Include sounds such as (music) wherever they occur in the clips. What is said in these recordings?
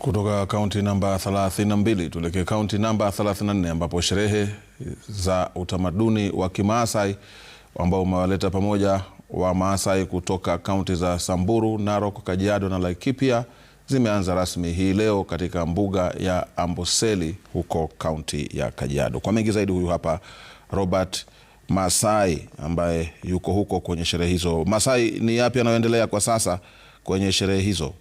Kutoka kaunti namba 32 tuelekee kaunti namba 34 ambapo sherehe za utamaduni wa Kimaasai ambao umewaleta pamoja wa maasai kutoka kaunti za Samburu, Narok, Kajiado na Laikipia zimeanza rasmi hii leo katika mbuga ya Amboseli huko kaunti ya Kajiado. Kwa mengi zaidi, huyu hapa Robert Masai ambaye yuko huko kwenye sherehe hizo. Masai, ni yapi yanayoendelea kwa sasa kwenye sherehe hizo?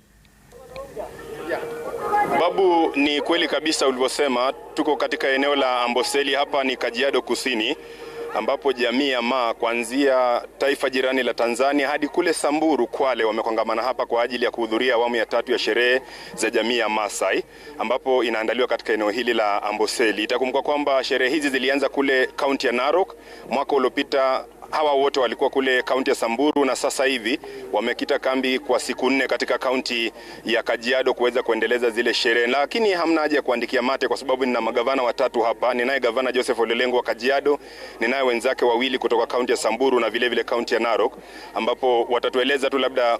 sababu ni kweli kabisa ulivyosema. Tuko katika eneo la Amboseli, hapa ni Kajiado Kusini, ambapo jamii ya Maa kuanzia taifa jirani la Tanzania hadi kule Samburu, Kwale, wamekongamana hapa kwa ajili ya kuhudhuria awamu ya tatu ya sherehe za jamii ya Maasai ambapo inaandaliwa katika eneo hili la Amboseli. Itakumbukwa kwamba sherehe hizi zilianza kule kaunti ya Narok mwaka uliopita Hawa wote walikuwa kule kaunti ya Samburu na sasa hivi wamekita kambi kwa siku nne katika kaunti ya Kajiado kuweza kuendeleza zile sherehe, lakini hamna haja ya kuandikia mate kwa sababu nina magavana watatu hapa. Ninaye gavana Joseph Olelengo wa Kajiado, ninaye wenzake wawili kutoka kaunti ya Samburu na vilevile kaunti ya Narok, ambapo watatueleza tu labda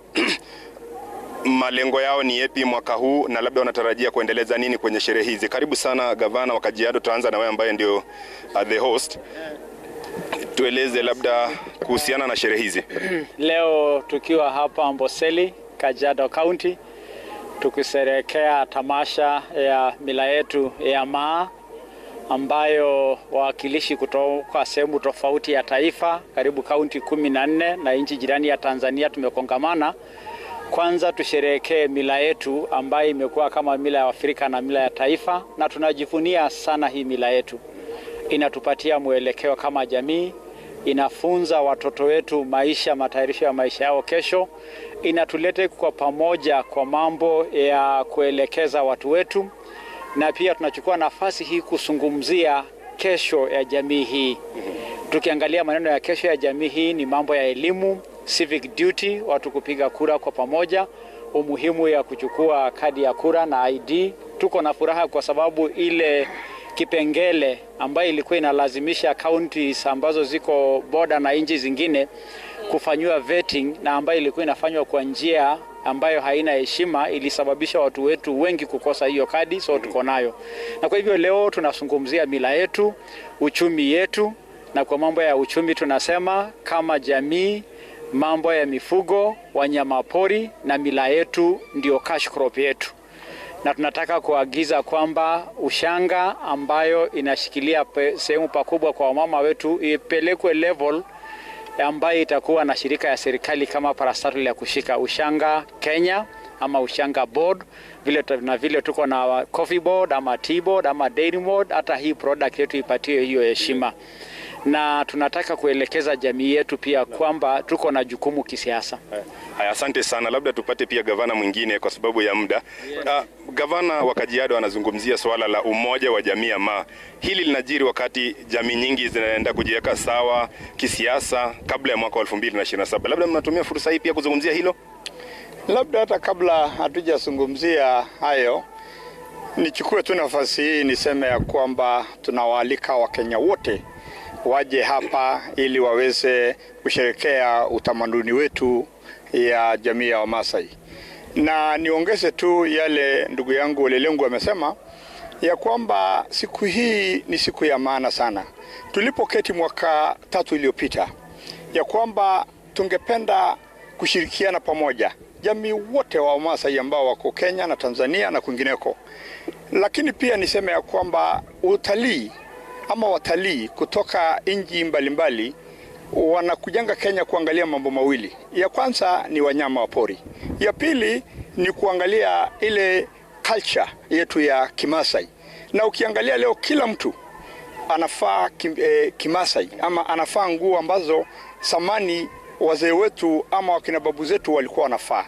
(clears throat) malengo yao ni yepi mwaka huu na labda wanatarajia kuendeleza nini kwenye sherehe hizi. Karibu sana gavana wa Kajiado, tutaanza na wewe ambaye ndio uh, the host tueleze labda kuhusiana na sherehe hizi. (clears throat) Leo tukiwa hapa Amboseli, Kajiado County, tukisherehekea tamasha ya mila yetu ya Maa ambayo wawakilishi kutoka sehemu tofauti ya taifa karibu kaunti kumi na nne na nchi jirani ya Tanzania tumekongamana kwanza tusherehekee mila yetu ambayo imekuwa kama mila ya Afrika na mila ya taifa, na tunajivunia sana hii mila yetu. Inatupatia mwelekeo kama jamii, inafunza watoto wetu maisha, matayarisho ya maisha yao kesho, inatuleta kwa pamoja kwa mambo ya kuelekeza watu wetu, na pia tunachukua nafasi hii kuzungumzia kesho ya jamii hii. Tukiangalia maneno ya kesho ya jamii hii ni mambo ya elimu, civic duty, watu kupiga kura kwa pamoja, umuhimu ya kuchukua kadi ya kura na ID. Tuko na furaha kwa sababu ile kipengele ambayo ilikuwa inalazimisha kaunti ambazo ziko boda na nchi zingine kufanyiwa vetting na ambayo ilikuwa inafanywa kwa njia ambayo haina heshima, ilisababisha watu wetu wengi kukosa hiyo kadi, so tuko nayo. Na kwa hivyo leo tunazungumzia mila yetu, uchumi yetu, na kwa mambo ya uchumi tunasema kama jamii, mambo ya mifugo, wanyamapori na mila yetu ndio cash crop yetu na tunataka kuagiza kwamba ushanga ambayo inashikilia sehemu pakubwa kwa wamama wetu ipelekwe level ambayo itakuwa na shirika ya serikali kama parastatal ya kushika ushanga Kenya ama ushanga board vile, na vile tuko na coffee board ama tea board ama dairy board, hata hii product yetu ipatiwe hiyo heshima na tunataka kuelekeza jamii yetu pia kwamba tuko na jukumu kisiasa. Haya, asante sana, labda tupate pia gavana mwingine kwa sababu ya muda Yes. Uh, gavana wa Kajiado anazungumzia swala la umoja wa jamii ya Maa. Hili linajiri wakati jamii nyingi zinaenda kujiweka sawa kisiasa kabla ya mwaka wa 2027. Labda mnatumia fursa hii pia kuzungumzia hilo. Labda hata kabla hatujazungumzia hayo, nichukue tu nafasi hii niseme ya kwamba tunawaalika Wakenya wote waje hapa ili waweze kusherekea utamaduni wetu ya jamii ya Wamasai. Na niongeze tu yale ndugu yangu Lelengu amesema ya kwamba siku hii ni siku ya maana sana. Tulipoketi mwaka tatu iliyopita, ya kwamba tungependa kushirikiana pamoja jamii wote wa Wamasai ambao wako Kenya na Tanzania na kwingineko, lakini pia niseme ya kwamba utalii ama watalii kutoka nchi mbalimbali wanakujanga Kenya kuangalia mambo mawili. Ya kwanza ni wanyama wa pori, ya pili ni kuangalia ile culture yetu ya Kimasai. Na ukiangalia leo, kila mtu anafaa kim, eh, Kimasai ama anafaa nguo ambazo samani wazee wetu ama wakina babu zetu walikuwa wanafaa,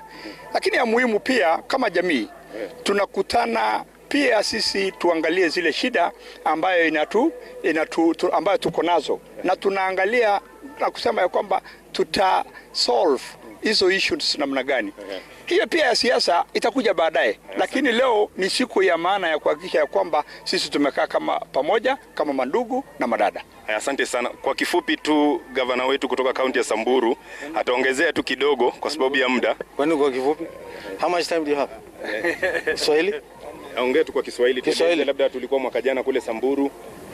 lakini ya muhimu pia kama jamii eh. tunakutana pia sisi tuangalie zile shida ambayo inatu, inatu, tu, ambayo tuko nazo na tunaangalia na kusema ya kwamba tuta solve hizo issues namna gani. Hiyo pia ya siasa itakuja baadaye, lakini leo ni siku ya maana ya kuhakikisha ya kwamba sisi tumekaa kama pamoja kama mandugu na madada. Asante sana. Kwa kifupi tu, gavana wetu kutoka kaunti ya Samburu ataongezea tu kidogo kwa sababu ya muda. Kwani kwa kifupi, how much time do you have? (laughs) Swahili aongee tu kwa Kiswahili, Kiswahili. Labda tulikuwa mwaka jana kule Samburu.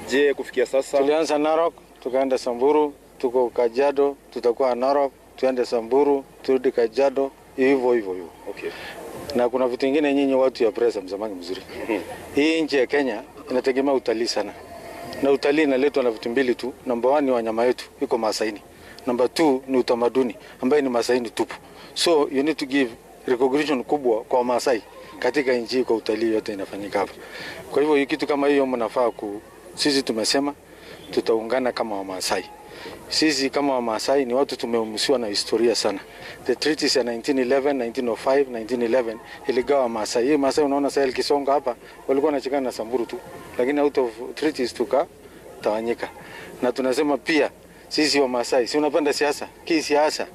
Je, kufikia sasa? Tulianza Narok tukaenda Samburu, tuko Kajado, tutakuwa Narok, tuende Samburu, turudi Kajado, hivyo hivyo hivyo. Okay. Na kuna vitu vingine nyinyi watu ya presa msamaki mzuri. Hmm. Hii nchi ya Kenya inategemea utalii sana. Na utalii inaletwa na vitu mbili tu. Namba 1 ni wanyama wetu iko Masaini. Namba 2 ni utamaduni ambaye ni Masaini tupu. So you need to give recognition kubwa kwa Masai katika nchi kwa utalii yote inafanyika hapa. Kwa hivyo kitu kama hiyo mnafaa ku, sisi tumesema tutaungana kama Wamaasai. Sisi kama Wamaasai ni watu tumeumsiwa na historia sana. The treaties ya 1911, 1905, 1911 iligawa Wamaasai. Hii Maasai unaona sasa Kisonga hapa walikuwa wanachikana na Samburu tu. Lakini out of treaties tuka tawanyika. Na tunasema pia sisi Wamaasai si unapenda siasa? Ki siasa?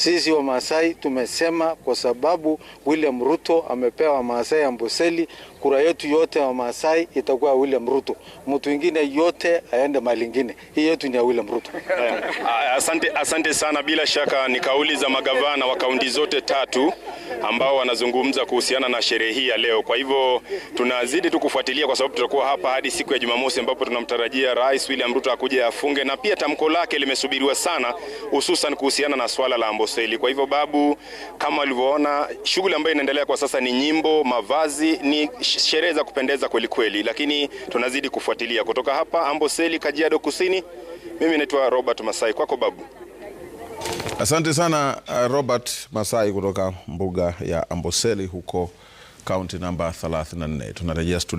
Sisi Maasai tumesema kwa sababu William Ruto amepewa Maasai Amboseli kura yetu yote ya Maasai itakuwa William Ruto, mtu mwingine yote aende mali ingine. Hii yetu ni ya William Ruto. (laughs) Ah, asante, asante sana. Bila shaka ni kauli za magavana wa kaunti zote tatu ambao wanazungumza kuhusiana na sherehe hii ya leo. Kwa hivyo tunazidi tu kufuatilia, kwa sababu tutakuwa hapa hadi siku ya Jumamosi ambapo tunamtarajia Rais William Ruto akuje afunge, na pia tamko lake limesubiriwa sana, hususan kuhusiana na swala la Amboseli. Kwa hivyo Babu, kama ulivyoona, shughuli ambayo inaendelea kwa sasa ni nyimbo, mavazi, ni sherehe za kupendeza kweli kweli, lakini tunazidi kufuatilia kutoka hapa Amboseli, Kajiado Kusini. Mimi naitwa Robert Masai, kwako babu. Asante sana uh, Robert Masai kutoka mbuga ya Amboseli huko kaunti namba 34. Tunarejea studio.